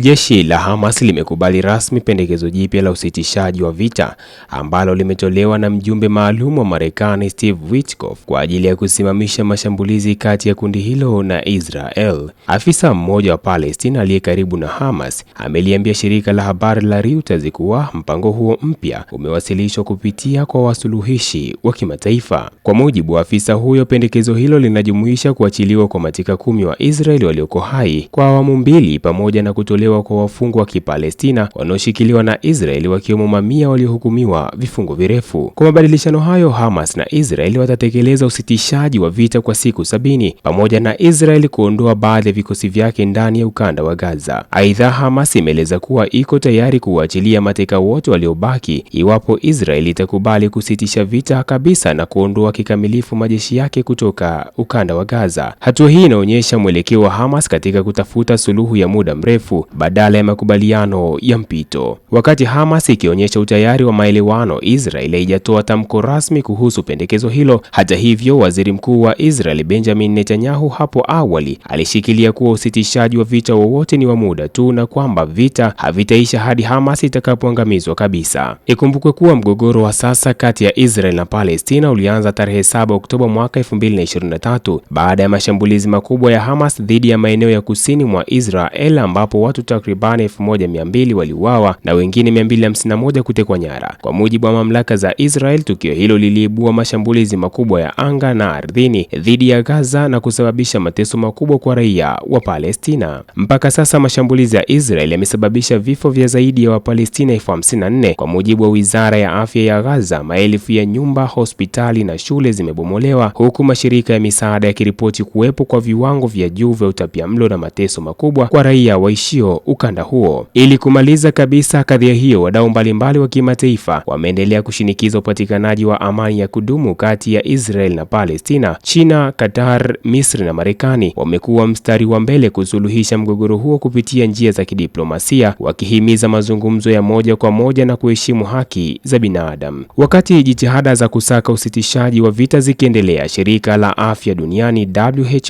Jeshi la Hamas limekubali rasmi pendekezo jipya la usitishaji wa vita ambalo limetolewa na mjumbe maalum wa Marekani Steve Witkoff kwa ajili ya kusimamisha mashambulizi kati ya kundi hilo na Israel. Afisa mmoja wa Palestina aliye karibu na Hamas ameliambia shirika la habari la Reuters kuwa mpango huo mpya umewasilishwa kupitia kwa wasuluhishi wa kimataifa. Kwa mujibu wa afisa huyo, pendekezo hilo linajumuisha kuachiliwa kwa mateka kumi wa Israel walioko hai kwa awamu mbili pamoja na kutolewa kuondolewa kwa wafungwa wa Kipalestina wanaoshikiliwa na Israeli wakiwemo mamia waliohukumiwa vifungo virefu. Kwa mabadilishano hayo, Hamas na Israeli watatekeleza usitishaji wa vita kwa siku sabini pamoja na Israeli kuondoa baadhi ya vikosi vyake ndani ya ukanda wa Gaza. Aidha, Hamas imeeleza kuwa iko tayari kuwaachilia mateka wote waliobaki iwapo Israeli itakubali kusitisha vita kabisa na kuondoa kikamilifu majeshi yake kutoka ukanda wa Gaza. Hatua hii inaonyesha mwelekeo wa Hamas katika kutafuta suluhu ya muda mrefu badala ya makubaliano ya mpito. Wakati Hamas ikionyesha utayari wa maelewano, Israel haijatoa tamko rasmi kuhusu pendekezo hilo. Hata hivyo, waziri mkuu wa Israel Benjamin Netanyahu hapo awali alishikilia kuwa usitishaji wa vita wowote ni wa muda tu na kwamba vita havitaisha hadi Hamas itakapoangamizwa kabisa. Ikumbukwe kuwa mgogoro wa sasa kati ya Israel na Palestina ulianza tarehe 7 Oktoba mwaka 2023 baada ya mashambulizi makubwa ya Hamas dhidi ya maeneo ya kusini mwa Israel ambapo watu takribani 1200 waliuawa na wengine 251 kutekwa nyara, kwa mujibu wa mamlaka za Israel. Tukio hilo liliibua mashambulizi makubwa ya anga na ardhini dhidi ya Gaza na kusababisha mateso makubwa kwa raia wa Palestina. Mpaka sasa mashambulizi ya Israel yamesababisha vifo vya zaidi ya Wapalestina elfu hamsini na nne kwa mujibu wa Wizara ya Afya ya Gaza. Maelfu ya nyumba, hospitali na shule zimebomolewa huku mashirika ya misaada yakiripoti kuwepo kwa viwango vya juu vya utapiamlo na mateso makubwa kwa raia waishio ukanda huo. Ili kumaliza kabisa kadhia hiyo, wadau mbalimbali wa kimataifa wameendelea kushinikiza upatikanaji wa amani ya kudumu kati ya Israel na Palestina. China, Qatar, Misri na Marekani wamekuwa mstari wa mbele kusuluhisha mgogoro huo kupitia njia za kidiplomasia, wakihimiza mazungumzo ya moja kwa moja na kuheshimu haki za binadamu. Wakati jitihada za kusaka usitishaji wa vita zikiendelea, shirika la afya duniani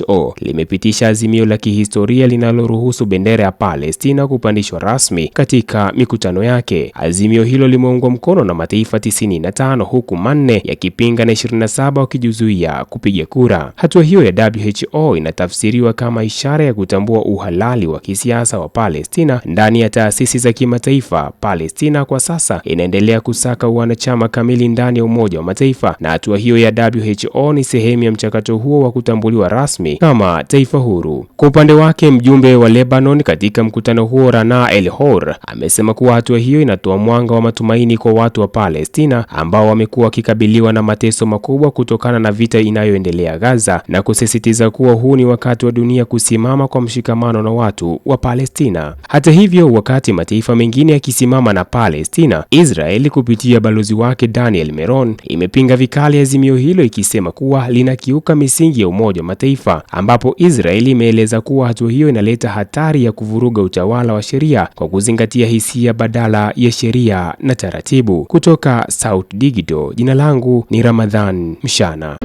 WHO limepitisha azimio la kihistoria linaloruhusu bendera ya Palestina Palestina kupandishwa rasmi katika mikutano yake. Azimio hilo limeungwa mkono na mataifa 95 huku manne yakipinga na 27 wakijizuia kupiga kura. Hatua hiyo ya WHO inatafsiriwa kama ishara ya kutambua uhalali wa kisiasa wa Palestina ndani ya taasisi za kimataifa. Palestina kwa sasa inaendelea kusaka wanachama kamili ndani ya Umoja wa Mataifa, na hatua hiyo ya WHO ni sehemu ya mchakato huo wa kutambuliwa rasmi kama taifa huru. Kwa upande wake, mjumbe wa Lebanon katika mkutano huo, Rana El Hor amesema kuwa hatua hiyo inatoa mwanga wa matumaini kwa watu wa Palestina ambao wamekuwa wakikabiliwa na mateso makubwa kutokana na vita inayoendelea Gaza na kusisitiza kuwa huu ni wakati wa dunia kusimama kwa mshikamano na watu wa Palestina. Hata hivyo, wakati mataifa mengine yakisimama na Palestina, Israeli kupitia balozi wake Daniel Meron imepinga vikali azimio hilo ikisema kuwa linakiuka misingi ya Umoja wa Mataifa, ambapo Israeli imeeleza kuwa hatua hiyo inaleta hatari ya kuvuruga utawala wa sheria kwa kuzingatia hisia badala ya sheria na taratibu. Kutoka SAUT Digital, jina langu ni Ramadhan Mshana.